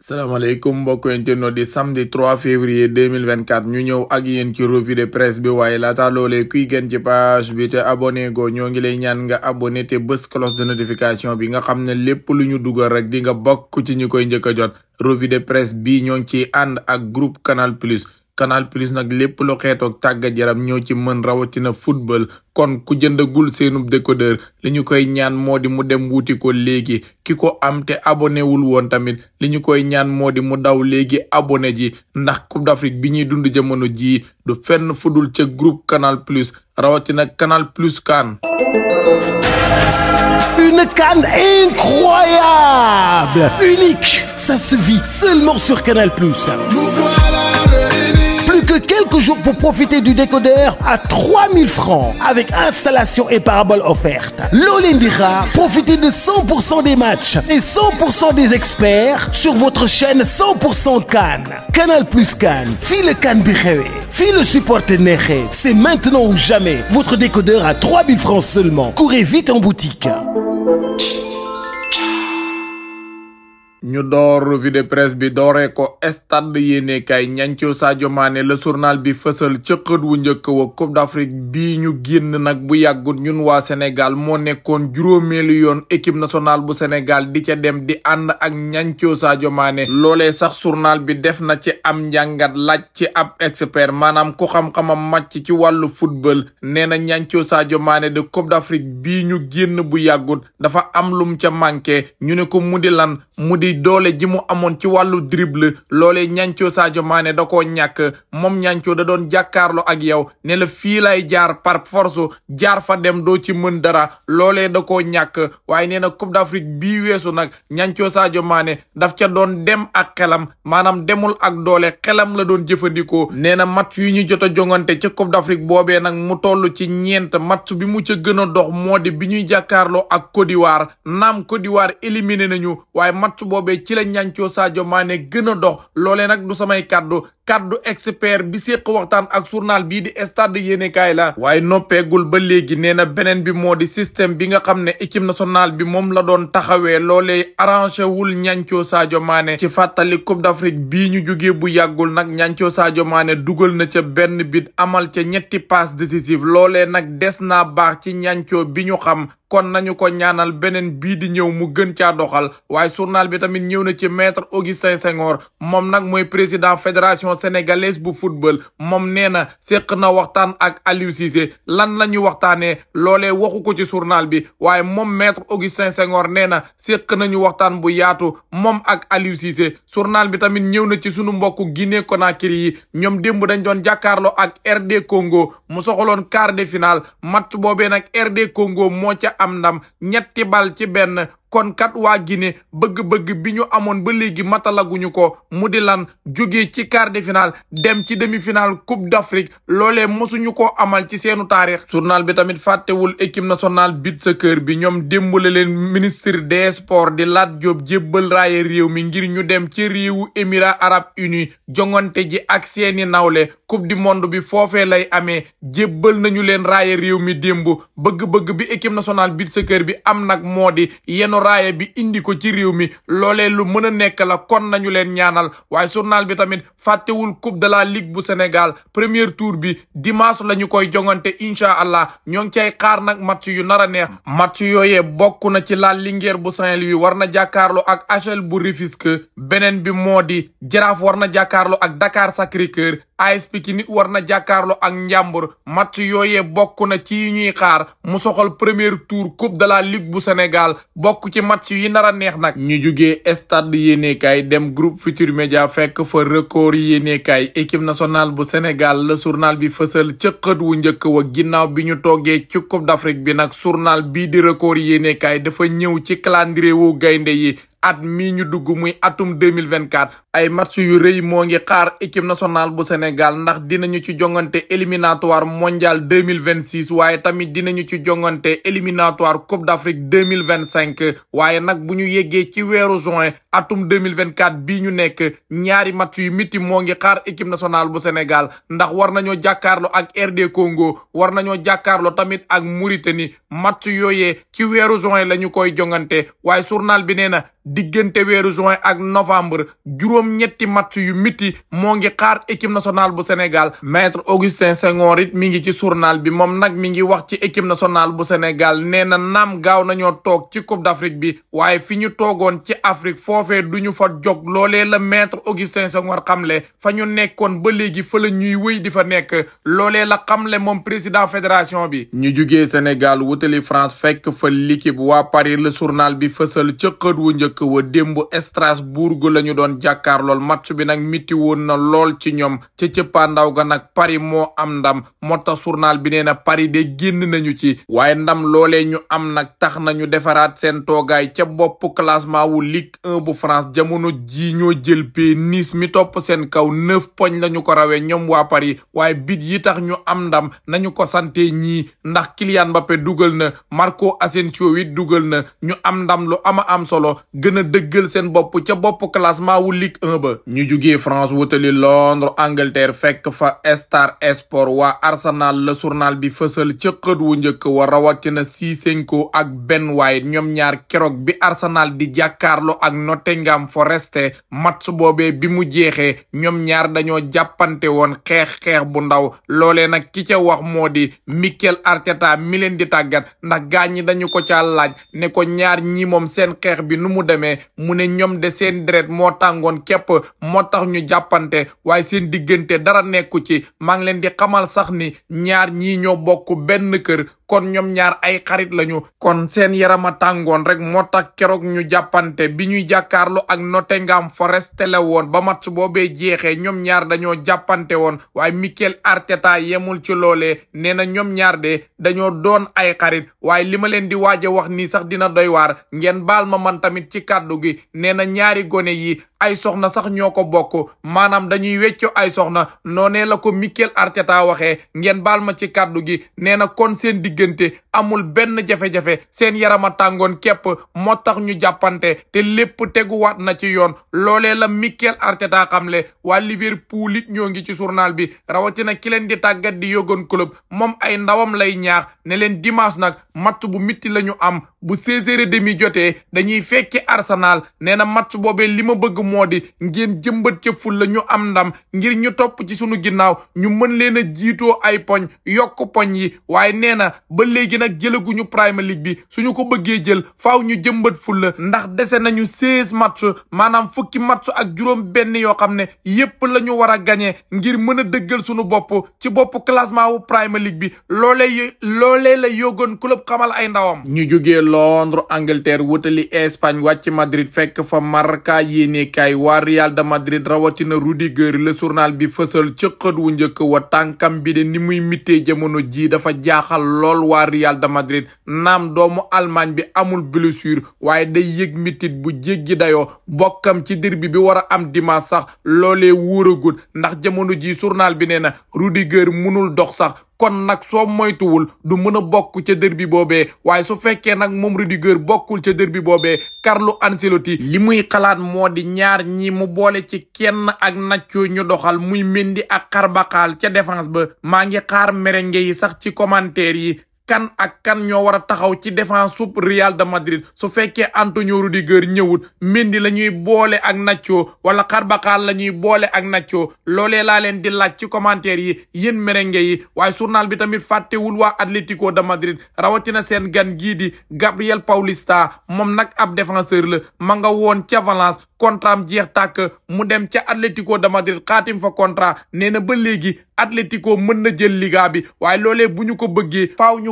salaamaaleykum mbokk internet di samedi 3 février 2024 ñu ñëw ak yéen ci revue de presse bi waaye laata loolee kuy gën ci bi te abonné go ñoo ngi lay ñaan nga abonné te bës cloche de notification bi nga xam ne lépp lu ñu dugal rek di nga bokk ci ñu koy njëkk a jot revue de presse bi ñoo ngi ciy ànd ak groupe Canal Plus Canal Plus nag lépp lu xeetook tàggat yaram ñoo ci mën rawatina football kon ku jëndagul seenub décodeur li koy ñaan moo di mu dem wuuti ko léegi ki ko am te abonné woon tamit li ñu koy ñaan moo di mu daw léegi abonné ji ndax Coupe d'Afrique bi ñuy dund jamono jii du fenn fudul ca group Canal Plus rawatina Canal Plus CAN que quelques jours pour profiter du décodeur à 3000 francs avec installation et parabole offerte. loo leen di xaar profitez de 100% des matchs et 100% des experts sur votre chaîne 100% Canal Plus CAN fii la CAN bi xewee fii la supporter neexee c'est maintenant ou jamais votre décodeur à francs seulement courez vite en boutique. ñu door revue de presse bi dooree ko stade yéene kay ñancoo Sadio Mané la journal bi fësal ca xët wu njëkk wa Coupe d'Afrique bii ñu génn nag bu yàggut ñun waa Sénégal moo nekkoon juróomeelu yoon équipe nationale bu Sénégal di ca dem di ànd ak ñancoo Sadio Mané loolee sax journal bi def na ci am njàngat laaj ci ab expert maanaam ku xam màcc ci wàllu football nee na ñancoo Sadio Mané de Coupe d'Afrique bii ñu génn bu yàggut dafa am lum ca manqué ñu ne ko mu di lan muy doole ji mu amoon ci wàllu dribble loole ñancoo Sadio maane da koo ñàkk moom ñancoo da doon jàkkaarloo ak yow ne la fii lay jaar par force jaar fa dem doo ci mën dara loolee da koo ñàkk waaye nee na Coupe d'Afrique bii weesu nag ñancoo Sadio maane daf ca doon dem ak kelam maanaam demul ak doole xelam la doon jëfandikoo nee na match yu ñu jot a jongante ca Coupe d'Afrique boobee nag mu toll ci ñeent match bi mu ca gën a dox moo di bi ñuy jàkkaarloo ak Côte naam Côte d'Ivoire éliminé boobee ci la ñancoo Sadio Mané gën a dox loole nag du samay kàddu kàddu expert bi séq waxtaan ak journal bii di stade yéenekaay la waaye noppeegul ba léegi nee na beneen bi moo di système bi nga xam ne équipe nationale bi moom la doon taxawee loole arrangé wul ñancoo Sadio Mané ci fàttali Coupe d'Afrique bii ñu jógee bu yàggul nag ñancoo Sadio maane dugal na ca benn bi amal ca ñetti passe décisive loolee nag des naa baax ci ñancoo bi ñu xam kon nañu ko ñaanal beneen bii di ñëw mu gën caa doxal waaye sournal bi tamit ñëw na ci maître Augustin sengor moom nag mooy président fédération sénégalaise bu football moom nee na séq na waxtaan ak Aliou Cissé lan la ñu waxtaanee loolee waxu ko ci sournal bi waaye moom maître Augustin Senghor nee na séq nañu waxtaan bu yaatu moom ak Aliou sournal bi tamit ñëw na ci sunu mbokku Guinée Conakry yi ñoom démb dañ doon jàkkaarloo ak RD Congo mu soxaloon quart de final match boobee nag RD moo ca am ndam ñetti bal ci benn kon kat waa Guinée bëgg-bëgg bi ñu amoon ba léegi matalaguñu ko mu di lan jógee ci quart de finale dem ci demi-finale coupe d'Afrique loole mosuñu ko amal ci seenu taarix journal bi tamit fàttewul équipe nationale beach soccer bi ñoom démbale leen ministre des sports di Lat Diop jébbal raaye réew mi ngir ñu dem ci réewu Émirats arabes unis jongante ji ak seeni nawle coupe du monde bi foofee lay amee jébbal nañu leen raaye réew mi démb bëgg-bëgg bi équipe nationale beach soccer bi am nag moo di yeno raaya bi indi ko ci réew mi loolee lu mën a nekk la kon nañu leen ñaanal waaye journal bi tamit fàttewul coupe de la ligue bu Sénégal première tour bi dimanche la ñu koy jongante incha allah ñoo ngi cay xaar nag match yu nar a neex match yooyee bokk na ci laal Linguère bu Saint-Louis war na jàkkaarloo ak HL bu Rufisque beneen bi moo di Jaraaf war na jàkkaarloo ak Dakar Sacré-Cœur AS Pikine nit war na jàkkaarloo ak Njàmbur match yooyee bokk na ci ñuy xaar mu soxal premier tour coupe de la bu Sénégal bokk ci match yi nar a neex nag. ñu jugee stade yéenekaay dem groupe Futurs Médias fekk fa record yéenekaay équipe nationale bu Sénégal la journal bi fësal ca xët wu njëkk wa ginnaaw bi ñu toogee ci coupe d'Afrique bi nag journal bii di record yéenekaay dafa ñëw ci calendrier wu gaynde yi. at mii ñu dugg muy atum 2024 ay match yu rëy moo ngi xaar équipe nationale bu Sénégal ndax dinañu ci jongante éliminatoire mondial 2026 waaye tamit dinañu ci jongante éliminatoire coupe d'Afrique cinq waaye nag bu ñu yeggee ci weeru juin atum deux mille vingt 2024 bii ñu nekk ñaari match yu miti moo ngi xaar équipe nationale bu Sénégal ndax war nañoo jàkkaarloo ak RD Congo war nañoo jàkkaarloo tamit ak Mauritanie match yooyee ci weeru juin la ñu koy jongante waaye journal bi nee na diggante weeru juin ak novembre juróom-ñetti match yu miti moo ngi xaar équipe nationale bu Sénégal maître Augustin Senghor it mi ngi ci journal bi moom nag mi ngi wax ci équipe nationale bu Sénégal nee na naam gaaw nañoo toog ci Coupe d'Afrique bi waaye fi ñu toogoon ci Afrique foofee du ñu fa jog loole la maître Augustin Senghor xamle fa ñu nekkoon ba léegi fa la ñuy wéy di fa nekk loole la xamle moom président fédération bi. ñu jugee Sénégal wuteli France fekk fa l'équipe waa Paris le journal bi fësal ca njëkk wa démb Strasbourg la ñu doon jàkkaarlool match bi nag miti woon na lool ci ñoom ca cëppaandaw ga nag Paris moo am ndam moo tax journal bi nee na Paris de génn nañu ci waaye ndam loolee ñu am nag tax nañu defaraat seen toogaay ca bopp classement wu Ligue 1 bu France jamono jii ñoo jël pee Nice mi topp seen kaw neuf poñ la ko rawee ñoom waa Paris waaye bit yi tax ñu am ndam nañu ko sante ñii ndax Kylian Mbappé dugal na Marco Asensio it dugal na ñu am ndam lo ama am solo gën a dëggal seen bopp ca bopp classement wu Ligue 1 ba ñu jugee France wutali Londres Angleterre fekk fa Star Sport waa Arsenal la surnal bi fësal ca wu njëkk wa rawatina Zinchenko ak Ben White ñoom ñaar keroog bi Arsenal di jàkkaarloo ak Nottingham Forest match boobe bi mu jeexee ñoom ñaar dañoo jàppante woon xeex-xeex bu ndaw loole nag ki ca wax moo di Mikel Arteta mi leen di tàggat ndax gaañ dañu ko ca ne ko ñaar ñi moom xeex bi nu demee mu ne ñoom de seen deret moo tàngoon képp moo tax ñu jàppante waaye seen diggante dara nekku ci maa ngi leen di xamal sax ni ñaar ñii ñoo bokk benn kër kon ñoom ñaar ay xarit lañu kon seen yarama tàngoon rek moo tax keroog ñu jàppante bi ñuy jàkkaarloo ak Nottingham Forest la woon ba match boobee jeexee ñoom ñaar dañoo jàppante woon waaye Mikel Arteta yemul ci loolee nee na ñoom ñaar de dañoo doon ay xarit waaye li ma leen di waaje wax nii sax dina doy waar ngeen baal ma man tamit ci kàddu gi nee na ñaari gone yi ay soxna sax ñoo ko bokk maanaam dañuy wecco ay soxna noonee la ko Mikel Arteta waxe ngeen baal ma ci kàddu gi nee na kon seen diggante amul benn jafe-jafe seen yarama tàngoon képp moo tax ñu jàppante te lépp teguwaat na ci yoon loolee la Mikel Arteta xamle waa Liverpool it ñoo ngi ci journal bi rawatina ki leen di tàggat di yogoon club moom ay ndawam lay ñaax ne leen dimanche nag match bu mitti la ñu am bu seize heures et demi jotee dañuy fekki Arsenal nee na match boobee li ma moo di ngeen jëmbat ca ful la ñu am ndam ngir ñu topp ci sunu ginnaaw ñu mën leen a jiitoo ay poñ yokk poñ yi waaye nee na ba léegi nag jëlaguñu Premier League bi suñu ko bëggee jël faw ñu jëmbat ful la ndax dese nañu seize match maanaam fukki match ak juróom benn yoo xam ne yépp la ñu war a gagné ngir mën a dëggal sunu bopp ci bopp classement wu Premier League bi loolee loolee la yógoon club xamal ay ndawam ñu jógee Londres Angleterre wutali Espagne wàcc Madrid fekk fa Marca yéene kaay waa Real de Madrid rawatina Rudiger le journal bi fësal ca wu njëkk wa tànkam bi de ni muy mittee jamono ji dafa jaaxal lool waa Real de Madrid naam doomu Allemagne bi amul blessure waaye day yëg mitit bu jéggi dayoo bokkam ci derbi bi war a am dimanche sax loolee wóoragul ndax jamono ji journal bi nee na munul dox sax kon nag soo moytuwul du mën a bokk ca derbi boobee waaye su fekkee nag moom Rudiger bokkul ca derbi boobee karlu Ancelotti li muy xalaat moo di ñaar ñi mu boole ci kenn ak Nacho ñu doxal muy Mendy ak Carvajal ca défense ba maa ngi xaar merengue yi sax ci commentaire yi kan ak kan ñoo war a taxaw ci défense sub Real de Madrid su fekkee Antonio Rudiger ñëwut Mendy la ñuy boole ak Nacho wala Carvajal la ñuy boole ak Nacho loole laa leen di laaj ci commentaire yi yéen merengue yi waaye journal bi tamit fàttewul waa Atlético de Madrid rawatina seen gan gii di Gabriel Paulista moom nag ab défenseur la ma nga woon ca Valence contrat jeex tàkk mu dem ca Atlético de Madrid xaatim fa contrat nee na ba léegi Atlético mën jël liga bi waaye loolee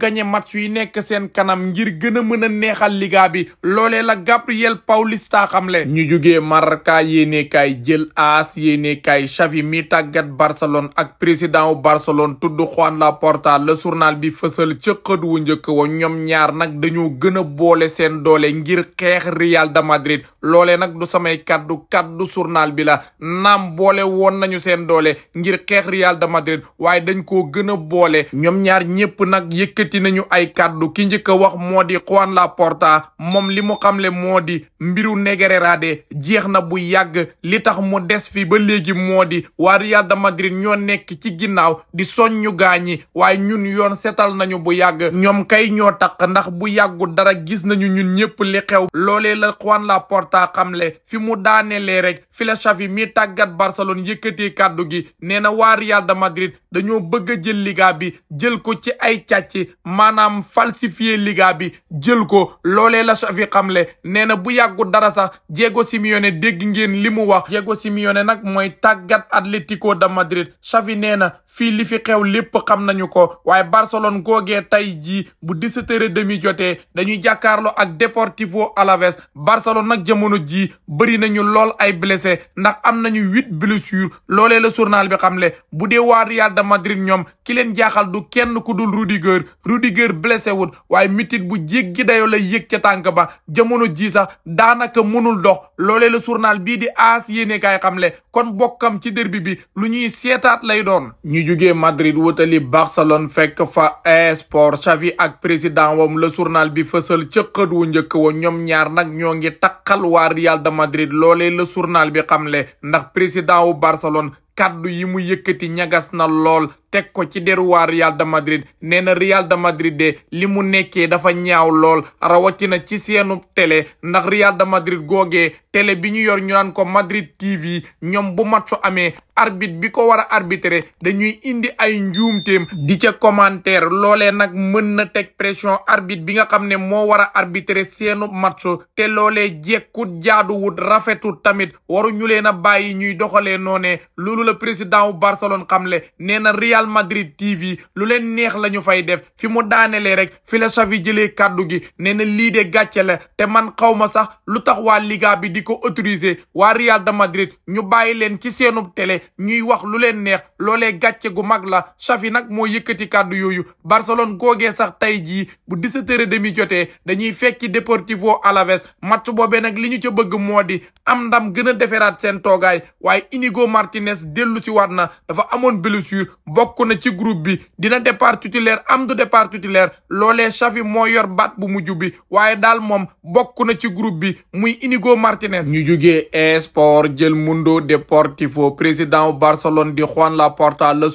gagné match yi nekk seen kanam ngir gën a mën a neexal liga bi loolee la Gabriel Paulista xamle ñu jóge Marca yéene kaay jël AS yéene kaay Xavi mi tàggat Barcelone ak président wu Barcelone tudd Juan Laporta le journal bi fësal ca xët wu njëkk wa ñoom ñaar nag dañoo gën a boole seen doole ngir xeex Real de Madrid loolee nag du samay kaddu kaddu journal bi la naam boole woon nañu seen doole ngir xeex Real de Madrid waaye dañ koo gën boole ñoom ñaar ñëpp ti nañu ay kàddu ki njëkk a wax moo di la porta moom li mu xamle moo di mbiru Negreira jeex na bu yàgg li tax mu des fi ba léegi moo di waa Real de Madrid ñoo nekk ci ginnaaw di soññu gaañi waaye ñun yoon setal nañu bu yàgg ñoom kay ñoo taq ndax bu yàggu dara gis nañu ñun ñëpp li xew loolee la Juan Laporta xamle fi mu daanelee rek fi la Xavi mi tàggat Barcelone yëkkatee kàddu gi nee na waa Real de Madrid dañoo bëgg a jël liga bi jël ko ci ay càcc maanaam falsifier liga bi jël ko loolee la Xavi xamle nee na bu yàggu dara sax Diego Simeone dégg ngeen li mu wax Diego Simeone nag mooy tàggat Atlético de Madrid Xavi nee na fii li fi xew lépp xam nañu ko waaye Barcelone googee tey jii bu 17h30 jotee dañuy jàkkaarloo ak Deportivo Alaves Barcelone nag jamono ji bëri nañu lool ay blessé ndax am nañu huit blessures loolee la journal bi xamle bu dee waa Real de Madrid ñoom ki leen jaaxal du kenn ku dul Rudiger Rudiger blessé wut waaye mitit bu jéggi dayoo lay yëg ca tànk ba jamono ji sax daanaka mënul dox loolee la surnal bii di aas yéene kaay le kon bokkam ci derbi bi lu ñuy seetaat lay doon. ñu jugee Madrid wutali Barcelone fekk fa sport Xavi ak président wam la surnal bi fësal ca wu njëkk wo ñoom ñaar nag ñoo ngi takkal waa Real de Madrid loolee la journal bi xam le ndax président wu Barcelone. kàddu yi mu yëkkati ñagas na lool teg ko ci deru waa Real de Madrid nee na Real de Madrid de li mu nekkee dafa ñaaw lool rawatina ci seenu tele ndax Real de Madrid googe tele bi ñu yor ñu naan ko Madrid TV ñoom bu match amee arbitre bi ko war a arbitrer dañuy indi ay njuumteem di ca commentaire loolee nag mën na teg pression arbitre bi nga xam ne moo war a arbitrer seenu match te loolee jekkut jaaduwut rafetut tamit waru ñu leen a bàyyi ñuy doxalee noonee loolu la président wu Barcelone xamle nee na Real Madrid TV lu leen neex la ñu fay def fi mu daanelee rek fi la Xavi jëlee kàddu gi nee na lii de gàcce la te man xaw ma sax lu tax waa Liga bi di ko autoriser waa Real de Madrid ñu bàyyi leen ci seenub télé ñuy wax lu leen neex loole gàcce gu mag la Xavi nag moo yëkkati kàddu yooyu Barcelone googee sax tey jii bu 17h30 jotee dañuy fekki Deportivo Alaves match boobee nag li ñu ca bëgg moo di am ndam gën a deferaat seen toogaay waaye Inigo Martinez dellu si waat dafa amoon blessure bokk na ci groupe bi dina départ titulaire am du départ titulaire loolee Xavi moo yor baat bu mujj bi waaye daal moom bokk na ci groupe bi muy Inigo Martinez. ñu jugee esport jël Mundo Deportivo président Barcelone di Juan la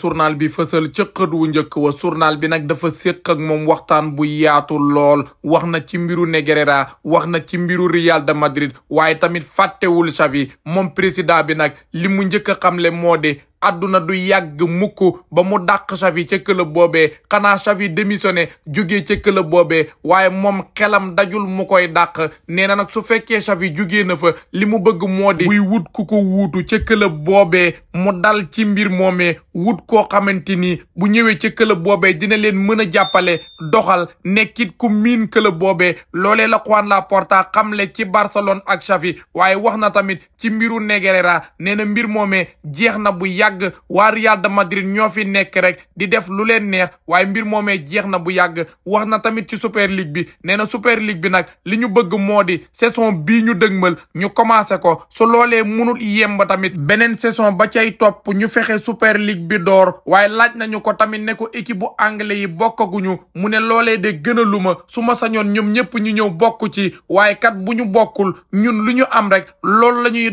journal bi fësal ci xët wu njëkk wa journal bi nag dafa séq ak moom waxtaan bu yaatu lool wax na ci mbiru Negreira wax na ci mbiru Real de Madrid waaye tamit fàttewul Xavi moom président bi nag li mu njëkk a xamle moo de àdduna du yàgg mukk ba mu dàq Xavi ca club boobee xanaa Xavi démissionné jugee ca club boobe waaye moom xelam dajul mu koy dàq nee na nag su fekkee Xavi jugee na fa li mu bëgg moo di wut ku ko wuutu ca club boobee mu dal ci mbir moomee wut koo xamante ni bu ñëwee ca club boobe dina leen mën a jàppale doxal nekkit ku min club boobee loolee la Juan Laporta le ci Barcelone ak Xavi waaye wax na tamit ci mbiru Negreira nee na mbir moomee jeex na bu yàgg yàgg waa Real de Madrid ñoo fi nekk rek di def lu leen neex waaye mbir moomee jeex na bu yàgg wax na tamit ci super league bi nee na super league bi nag li ñu bëgg moo di saison bii ñu dëgmal ñu commencé ko su loolee munu yemb tamit beneen saison ba cay topp ñu fexe super league bi door waaye laaj nañu ko tamit ne ko équipe bu anglais yi bokkaguñu mu ne loolee de gëna a lu ma su ma sañoon ñoom ñëpp ñu ñëw bokk ci waaye kat bu ñu bokkul ñun lu am rek loolu la ñuy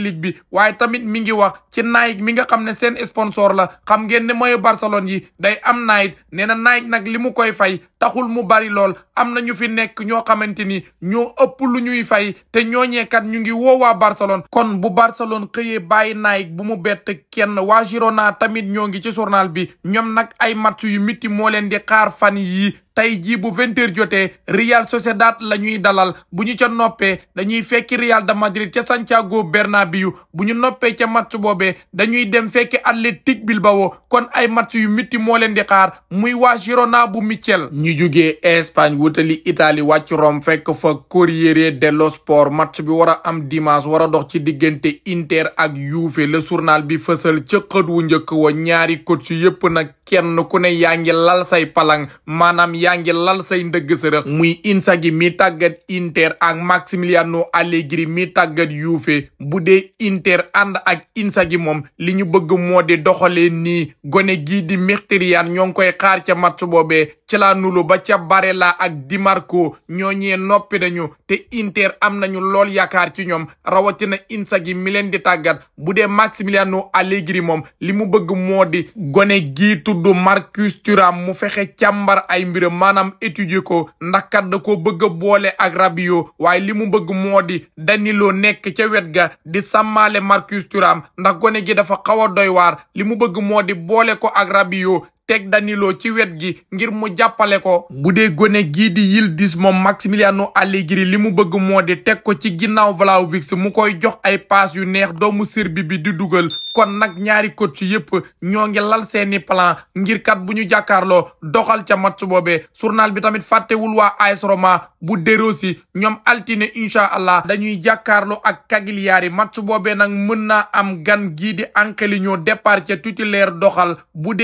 league bi waaye tamit mi ngi wax ci Nike mi nga xam ne seen sponsor la xam ngeen ne mooy Barcelone yi day am Nike nee na Nike nag li mu koy fay taxul mu bari lool am na ñu fi nekk ñoo xamante ni ñoo ëpp lu ñuy fay te ñooñee kat ñu ngi woo waa Barcelone. kon bu Barcelone këye bàyyi Nike bu mu bett kenn waa Girona tamit ñoo ngi ci journal bi ñoom nag ay match yu miti moo leen di fan yii. tey jii bu vingt jotee Real Sociedad la ñuy dalal bu ñu ca noppee dañuy fekki Real de Madrid ca Santiago Bernabéu bu ñu noppee ca match boobee dañuy dem fekki Athletic Bilbao kon ay match yu mitti moo leen di muy waa Girona bu Michel. ñu jugee Espagne wutali Italie wàcc Rome fekk fa Corriere dello Sport match bi war a am dimanche war a dox ci diggante Inter ak yuufe le journal bi fësal ca xët wu njëkk wa ñaari coach yépp nag kenn ku ne yaa lal say palang maanaam yaa ngi lal say ndëgg sërëx muy Inzaghi mi tàggat Inter ak Maximiliano Allegri mi tàggat Juve bu dee Inter ànd ak Inzaghi moom li ñu bëgg moo di doxalee nii gone gii di Mkhitaryan ñoo ngi koy xaar ca match boobee Calhanoglu ba ca Barella ak Di Marco ñooñee noppi nañu te Inter am nañu lool yaakaar ci ñoom rawatina Inzaghi mi leen di tàggat bu dee Maximiliano Allegri moom li mu bëgg moo di gone gii tudd Marcus mu fexe càmbar ay mbiram téeréem maanaam étudier ko ndax kat da ko bëgg boole ak Rabiot waaye li mu bëgg moo di Danilo nekk ca wet ga di sàmmaale Marcus Thuram ndax gone gi dafa xaw a doy waar li mu bëgg moo di boole ko ak Rabiot teg Danilo ci wet gi ngir mu jàppale ko bu dee gone gii di Yildiz moom Maximiliano Allegri li mu bëgg moo di teg ko ci ginnaaw Vlahovic mu koy jox ay paas yu neex doomu Serbi bi di dugal kon nag ñaari coach yépp ñoo ngi lal seeni plan ngir kat bu ñu jàkkaarloo doxal ca match boobe journal bi tamit fàttewul waa AS Roma bu De Rossi ñoom altine incha allah dañuy jàkkaarloo ak Cagliari match boobee nag mën naa am gan gii di Angelino départ ca titulaire doxal bu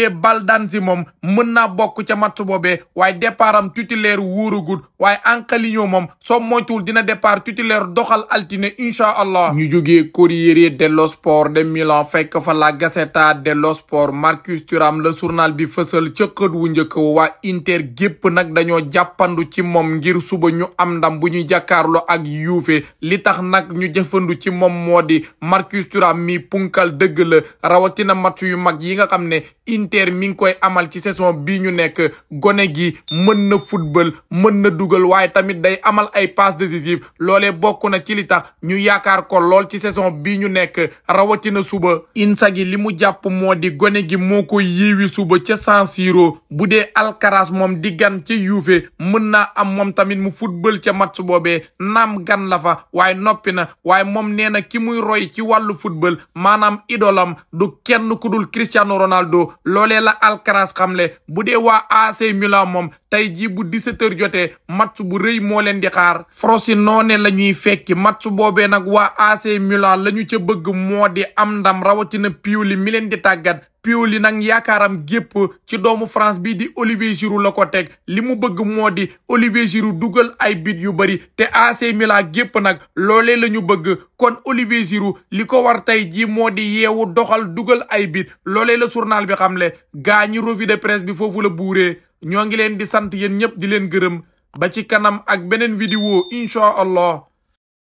si moom mën naa bokk ca match boobee waaye départam titulaire wóoragul waaye Angelino moom soo moytuwul dina départ titulaire doxal altine incha allah. ñu jógee Corriere dello Sport de Milan fekk fa la Gazzetta dello Sport Marcus Thuram le journal bi fësal ca wu njëkk waa Inter gépp nag dañoo jàppandu ci moom ngir suba ñu am ndam bu ñuy jàkkaarloo ak Juve li tax nag ñu jëfandu ci moom moo di Marcus mi punkal dëgg la rawatina mat yu mag yi nga xam ne Inter mi koy amal ci saison bii ñu nekk gone gi mën na football mën na dugal waaye tamit day amal ay passes décisives loolee bokk na ci li tax ñu yaakaar ko lool ci saison bii ñu nekk rawatina suba Inzaghi li mu jàpp moo di gone gi moo ko yiwi suba ca San Siro bu dee Alcaraz moom di gan ci Juve mën naa am moom tamit mu football ca match boobee naam gan la waaye noppi na waaye moom nee na ki muy roy ci wàllu football maanaam idolam du kenn ku dul Cristiano Ronaldo loolee la Alcaraz Alcaraz xamle bu dee waa AC Milan moom tey jii bu 17h jotee match bu rëy moo leen di xaar Frosinone la ñuy fekki match boobee nag waa AC Milan la ñu ca bëgg moo di am ndam rawatina Pioli mi leen di tàggat li nag yaakaaram gépp ci doomu France bi di Olivier Giroud la ko teg li mu bëgg moo di Olivier Giroud dugal ay bit yu bari te AC Milan gépp nag loolee la ñu bëgg kon Olivier Giroud li ko war tey ji moo di yeewu doxal dugal ay bit loolee la journal bi xamle gaa ñi revue de presse bi foofu la buuree ñoo ngi leen di sant yéen ñëpp di leen gërëm ba ci kanam ak beneen vidéo incha allah